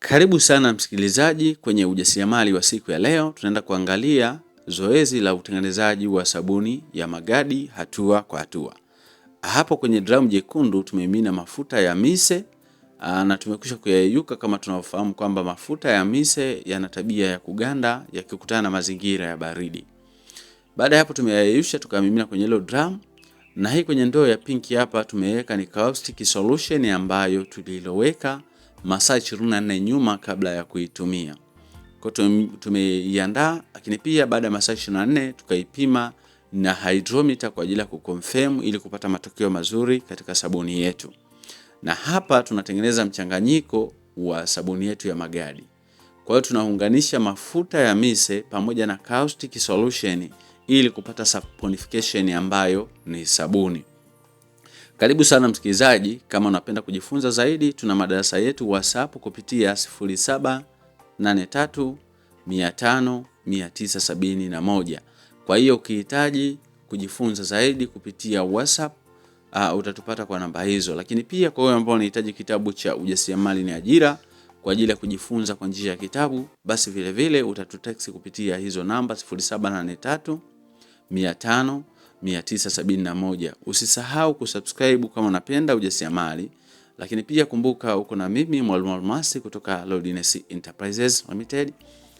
Karibu sana msikilizaji kwenye ujasiriamali wa siku ya leo. Tunaenda kuangalia zoezi la utengenezaji wa sabuni ya magadi hatua kwa hatua. Hapo kwenye dramu jekundu tumemina mafuta ya mise ah, na tumekwisha kuyayuka. Kama tunavyofahamu kwamba mafuta ya mise yana tabia ya kuganda yakikutana na mazingira ya baridi. Baada ya hapo, tumeyayusha tukamimina kwenye hilo dramu, na hii kwenye ndoo ya pinki hapa tumeweka ni caustic solution ambayo tuliloweka masaa 24 nyuma kabla ya kuitumia. Kwa tumeiandaa, lakini pia baada ya masaa 24 tukaipima na hydrometer kwa ajili ya kuconfirm ili kupata matokeo mazuri katika sabuni yetu. Na hapa tunatengeneza mchanganyiko wa sabuni yetu ya magadi. Kwa hiyo tunaunganisha mafuta ya mise pamoja na caustic solution ili kupata saponification ambayo ni sabuni. Karibu sana msikilizaji, kama unapenda kujifunza zaidi, tuna madarasa yetu WhatsApp kupitia 0783500971. Kwa hiyo ukihitaji kujifunza zaidi kupitia WhatsApp uh, utatupata kwa namba hizo, lakini pia kwa wewe ambao unahitaji kitabu cha ujasiriamali ni ajira kwa ajili ya kujifunza kwa njia ya kitabu, basi vilevile utatutext kupitia hizo namba 0783 500 971. Usisahau kusubscribe kama unapenda ujasiriamali, lakini pia kumbuka uko na mimi Mwalimu Almasi kutoka Lodness Enterprises Limited.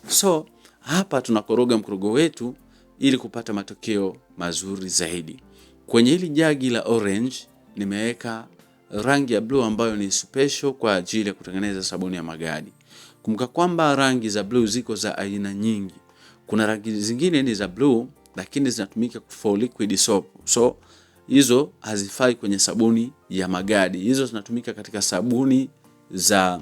So hapa tunakoroga mkorogo wetu ili kupata matokeo mazuri zaidi. Kwenye hili jagi la orange nimeweka rangi ya blue ambayo ni special kwa ajili ya kutengeneza sabuni ya magadi. Kumbuka kwamba rangi za blue ziko za aina nyingi. Kuna rangi zingine ni za blue lakini zinatumika for liquid soap. So hizo hazifai kwenye sabuni ya magadi, hizo zinatumika katika sabuni za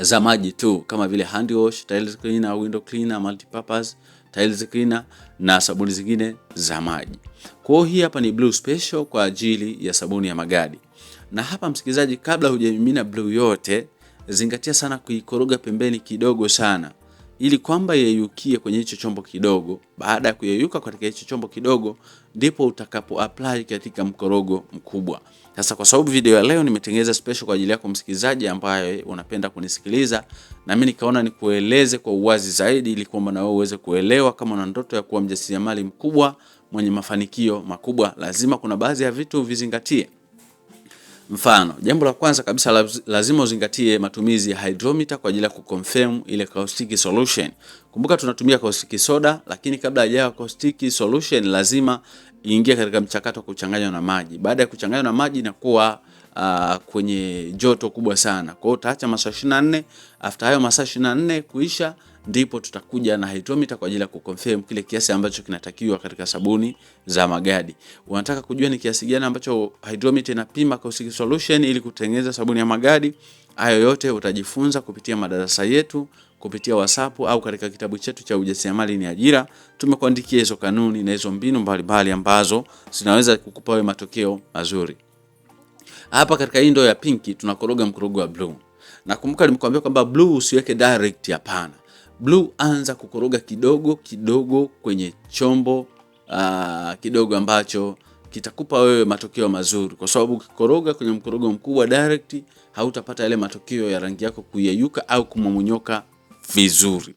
za maji tu kama vile hand wash, tiles cleaner, window cleaner, multipurpose tiles cleaner na sabuni zingine za maji. Kwa hiyo hii hapa ni blue special kwa ajili ya sabuni ya magadi. Na hapa msikilizaji, kabla hujamimina blue yote, zingatia sana kuikoroga pembeni kidogo sana, ili kwamba yeyukie kwenye hicho chombo kidogo. Baada ya kuyeyuka katika hicho chombo kidogo, ndipo utakapo apply katika mkorogo mkubwa. Sasa kwa sababu video ya leo nimetengeneza special kwa ajili yako msikilizaji ambaye unapenda kunisikiliza, na mimi nikaona nikueleze kwa uwazi zaidi, ili kwamba na wewe uweze kuelewa. Kama una ndoto ya kuwa mjasiriamali mkubwa mwenye mafanikio makubwa, lazima kuna baadhi ya vitu vizingatie. Mfano, jambo la kwanza kabisa lazima uzingatie matumizi ya hydrometer kwa ajili ya kuconfirm ile caustic solution. Kumbuka tunatumia caustic soda, lakini kabla haijawa caustic solution lazima iingie katika mchakato wa kuchanganywa na maji. Baada ya kuchanganywa na maji inakuwa uh, kwenye joto kubwa sana. Kwa hiyo utaacha masaa 24, after hayo masaa 24 kuisha ndipo tutakuja na hydrometer kwa ajili ya kuconfirm kile kiasi ambacho kinatakiwa katika sabuni za magadi. Unataka kujua ni kiasi gani ambacho hydrometer inapima caustic solution ili kutengeneza sabuni ya magadi? Hayo yote utajifunza kupitia madarasa yetu, kupitia WhatsApp au katika kitabu chetu cha ujasiriamali ni ajira. Tumekuandikia hizo kanuni na hizo mbinu mbalimbali ambazo zinaweza kukupa wewe matokeo mazuri. Hapa katika hii ndoo ya pinki tunakoroga mkorogo wa blue. Nakumbuka nimekuambia kwamba blue usiweke direct, hapana. Blue, anza kukoroga kidogo kidogo kwenye chombo uh, kidogo ambacho kitakupa wewe matokeo mazuri, kwa sababu ukikoroga kwenye mkorogo mkubwa direct hautapata yale matokeo ya rangi yako kuyeyuka au kumomonyoka vizuri.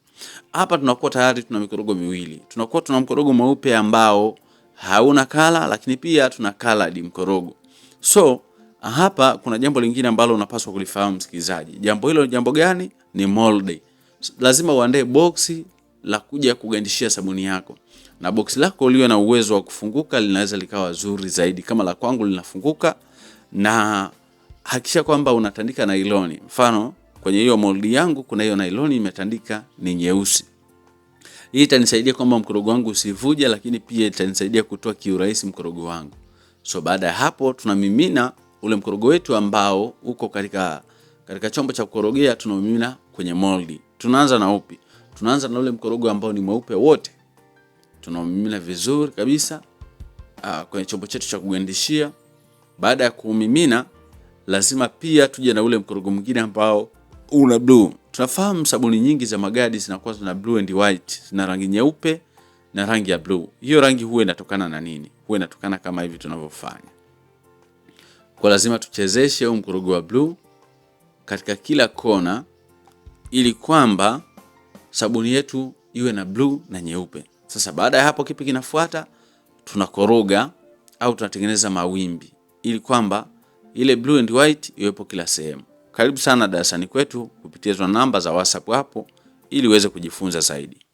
Hapa tunakuwa tayari tuna mikorogo miwili, tunakuwa tuna mkorogo mweupe ambao hauna kala, lakini pia tuna colored mkorogo. So hapa kuna jambo lingine ambalo unapaswa kulifahamu msikilizaji. Jambo hilo ni jambo gani? Ni molding lazima uandae boksi la kuja kugandishia sabuni yako, na boksi lako liwe na uwezo wa kufunguka, linaweza likawa zuri zaidi. Kama la kwangu linafunguka, na hakisha kwamba unatandika nailoni. Mfano kwenye hiyo moldi yangu kuna hiyo nailoni imetandika, ni nyeusi. Hii itanisaidia kwamba mkorogo wangu usivuje, lakini pia itanisaidia kutoa kiurahisi mkorogo wangu. So baada ya hapo, tunamimina ule mkorogo wetu ambao uko katika katika chombo cha kukorogea, tunamimina kwenye moldi tunaanza na upi? Tunaanza na ule mkorogo ambao ni mweupe wote, tunaumimina vizuri kabisa aa, ah, kwenye chombo chetu cha kugandishia. Baada ya kuumimina, lazima pia tuje na ule mkorogo mwingine ambao una blue. Tunafahamu sabuni nyingi za magadi zinakuwa zina blue and white, zina rangi nyeupe na rangi ya blue. Hiyo rangi huwa inatokana na nini? Huwa inatokana kama hivi tunavyofanya kwa lazima tuchezeshe huu mkorogo wa bluu katika kila kona ili kwamba sabuni yetu iwe na bluu na nyeupe. Sasa baada ya hapo, kipi kinafuata? Tunakoroga au tunatengeneza mawimbi ili kwamba ile blue and white iwepo kila sehemu. Karibu sana darasani kwetu kupitia namba za WhatsApp hapo ili uweze kujifunza zaidi.